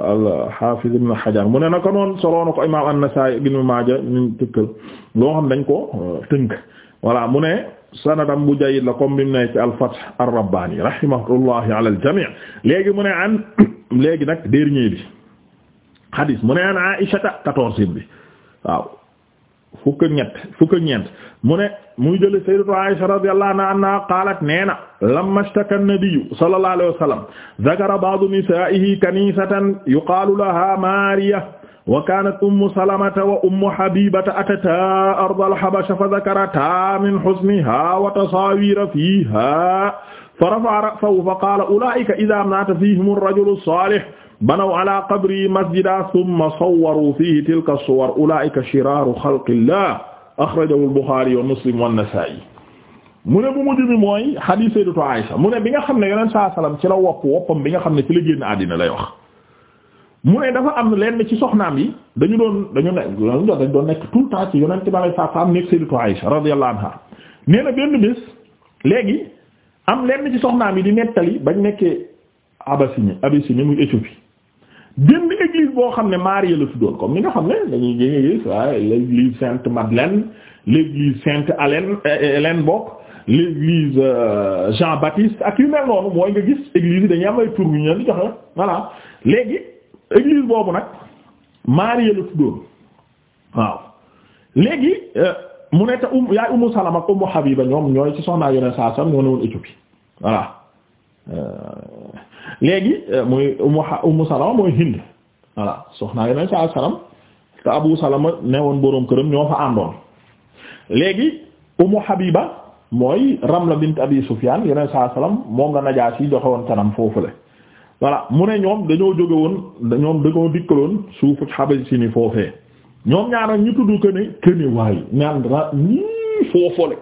al-Hafiz Ibn Hajar mu ne naka noonu soloo na ko imaam An-Nasaa'i Ibn Maaja ñu tëkkal loo xam dañ ko euh, tënk voilà mu ne sanadam bu jayyid la comme bi mu ne ci al-Fath ar-Rabbaani rahimatullahi ala al-jamii' léegi mu ne an léegi nag dernier bi hadis mu ne an Aïshata quatorzième bi waaw fukk ñett fukk ñeent mu ne muy jële sayyidatu Aisha radiyallahu anha anna qaalat nee na lamma ishtaka an-nabiyyu sallallahu alayhi wa sallam dhakara ba'du nisaa'ihi kanisatan yuqaalu laha Maariya wa kaanat ummu salamata wa ummu habibata atata arda al-habasha fa dhakarata min husniha wa tasawira fiha fa rafa'a ra'sahu fa qaala ulaa'ika idha maata fihim ar-rajulu as-salih banaw ala qabri masjida thumma sawwaru fihi tilka suwar ulaa'ika shiraaru xalqillah axrajahu al-Buxaari wa Muslim wa Nasaa'i mu ne bu mujj bi mooy hadiis Sayyidatu Aysa mu ne bi nga xam ne Yonent saa salaam ci la wopp woppam bi nga xam ne ci la génn àddina lay wax. mu ne dafa am lenn ci soxnaam yi dañu doon dañu ne dañu doon nekk tout le temps ci Yonent bi saa salaam nekk Sayyidatu Aysa radiyallahu anha nee na benn bés léegi am lenn ci soxnaam yi di nettali bañ nekkee Abasini Abisini muy Éthiopie. benn église boo xam ne Marie la tuddoon comme ni nga xam ne dañuy jénge gis waaye l'église Sainte Madeleine l'église Sainte Hélène euh, Hélène bokk l'église euh, Jean Baptiste ak yu mel noonu mooy nga gis église yi dañuy am ay tur yu ñu di voilà léegi église boobu nag Marie la tuddoon waaw léegi euh, mu ne te um yaay Ummu Salama ak Ummu Habiba ñoom ñooy ci soxnaa yoneen saa sam ñoo ne woon Éthiopie voilà léegi euh, muy ummu salama mooy hind voilà soxnaa yeneen sa salam te abu salama ne woon boroom këram ñoo fa àndoon léegi ummu habiba mooy ramla bint abi sufyan yeneen sa salam moom la najaas yi joxe woon kanam foofu le voilà mu ne ñoom dañoo jóge woon ñoom dañoo dikkaloon suufu si ni foofee ñoom ñaar ñu tudd que ne que ne waaye ñaan ra ñii foofale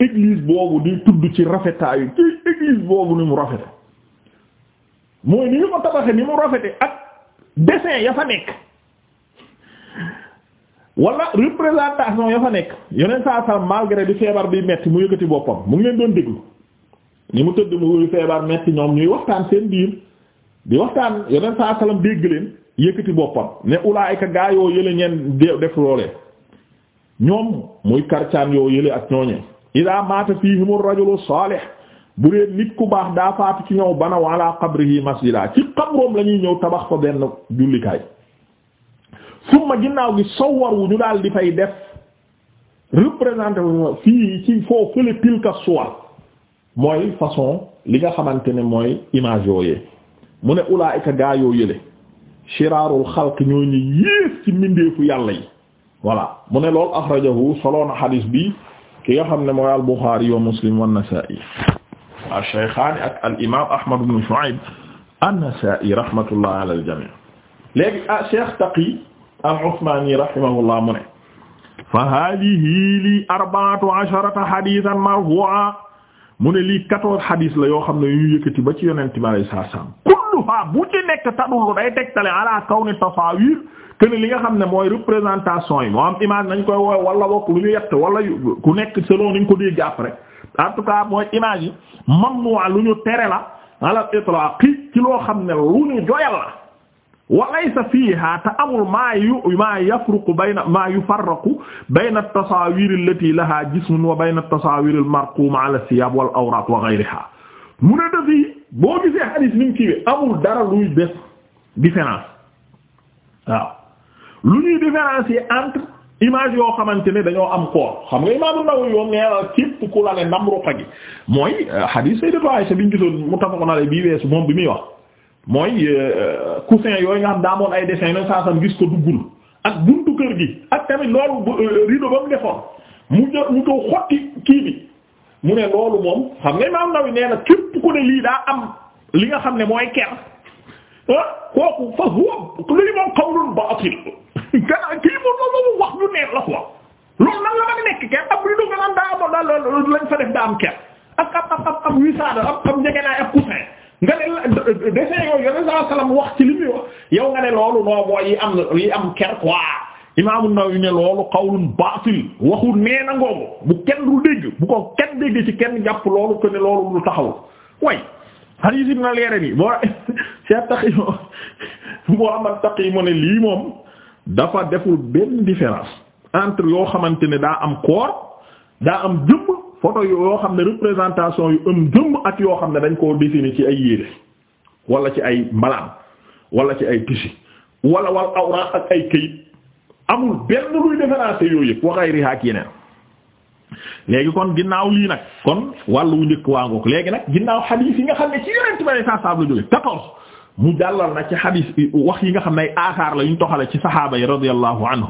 église boobu di tudd ci rafetaayu ci église boobu ni mu rafete mooy ni ñu ko tabaxe ni mu rafete ak dessin ya fa nekk wala représentation ya fa nekk yeneen saa saa malgré di feebar bi metti mu yëkkati boppam mu ngi leen doon déglu ni mu tëdd mu feebar metti ñoom ñuy waxtaan seen biir di waxtaan yeneen saa salam dégg leen yëkkati boppam ne ulaayka gaa yoo yële ñeen def loolee ñoom muy karcaan yoo yële ak ñooñe ida mata fiihimur rajulu salih bu dee nit ku baax daa faatu ci ñëw bana wala qabrihi masjida ci xabroom la ñuy ñëw tabax fa benn jullikaay summa ginnaaw gi sawar wu ñu daal di fay def représenté fii ci foo fële tilka suwar mooy façon li nga xamante ne mooy image yooyee mu ne ulaayika gaa yoo yële shiraarul xalq ñoo ñu yées ci mbindeefu yàlla yi voilà mu ne lool axrajahu soloon a xadiis bi ki nga xam ne mooy al Buxaari wa Muslim wa Nasaa'i ash-Shaykhaani ak al imaam Ahmad ibn Shu'ayb an-Nasaa'i rahmatullah ala al-jamii' léegi ah Cheikh Taqi al-Usmaani rahimahullah mu ne fa haadihi lii arba'atu asharata hadiisan marfuu'an mu ne lii quatorze hadis la yoo xam ne yu yëkkati ba ci yonent bi alayhi salaam kulluha bu ci nekk tadullu day tegtale ala kawni tasawir te li nga xam ne mooy représentation yi moo am image nañ koy woow wala bokk lu ñu yett wala ku nekk selon ni nga ko dégg après en tout cas mooy image yi mamnuwa lu ñu tere loo xam ne lu ñu joyal la wa laysa fiiha te amul maa yu maa yafruqu bayna maa yufarraqu bayna at-tasawir allati laha jismun wa bayna at-tasawir al-marquma ala thiyab wal mu ne dafi image yoo xamante ne dañoo am koor xam nga imaamu Nawawi yoom nee képp ku la ne nam roqa gi mooy euh, hadith Sayyidatu Aisha biñ gisoon muttafaqun alayhi bii weesu moom bi muy wax mooy euh, coussin yooyu nga xam daa amoon ay dessin yi saa sam gis ko duggul ak buntu kër gi ak tamit loolu euh, rido ba mu defoon mu jot mu ko xotti kii bi mu ne loolu moom xam nga imaamu Nawawi nee na képp ku ne lii daa am li nga xam ne mooy ker ah kooku fa huwa lii moom gannaaw kii moom loolu wax lu neex la a nekk kenn fa def daa am kenn ak ab ab ab ab wisaada ab ab njëgënaay ab yooyu yore saa salaam wax ci li muy yow nga ne loolu non booy yi am yi am ker quoi Imaamu Nawawi ne loolu qawlun baatil waxu nee bu kenn du dégg bu ko kenn dégg ci kenn jàpp loolu que ne loolu lu taxaw way xar yi si dina leeral yi boo Cheikh Taqi Muhammad Taqi mu ne lii moom. dafa deful benn différence entre yoo xamante ne daa am corps daa am jëmm photo yoo xam ne représentation yu am jëmm ak yoo xam ne dañ koo définir ci ay yére wala ci ay mbalaan wala ci ay tissu wala wal awra ak ay këyit amul benn luy différence yooyu yëpp waxay rihaak yeneen léegi kon ginnaaw lii nag kon wàllu njëkk waa ngoog léegi nag ginnaaw xadiis yi nga xam ne ci yonent bi sallallahu alayhi wasallam la mu jàllal na ci xadiis wax yi nga xam ne ay aasaar la yuñ toxale ci saxaaba yi radiyallahu anhu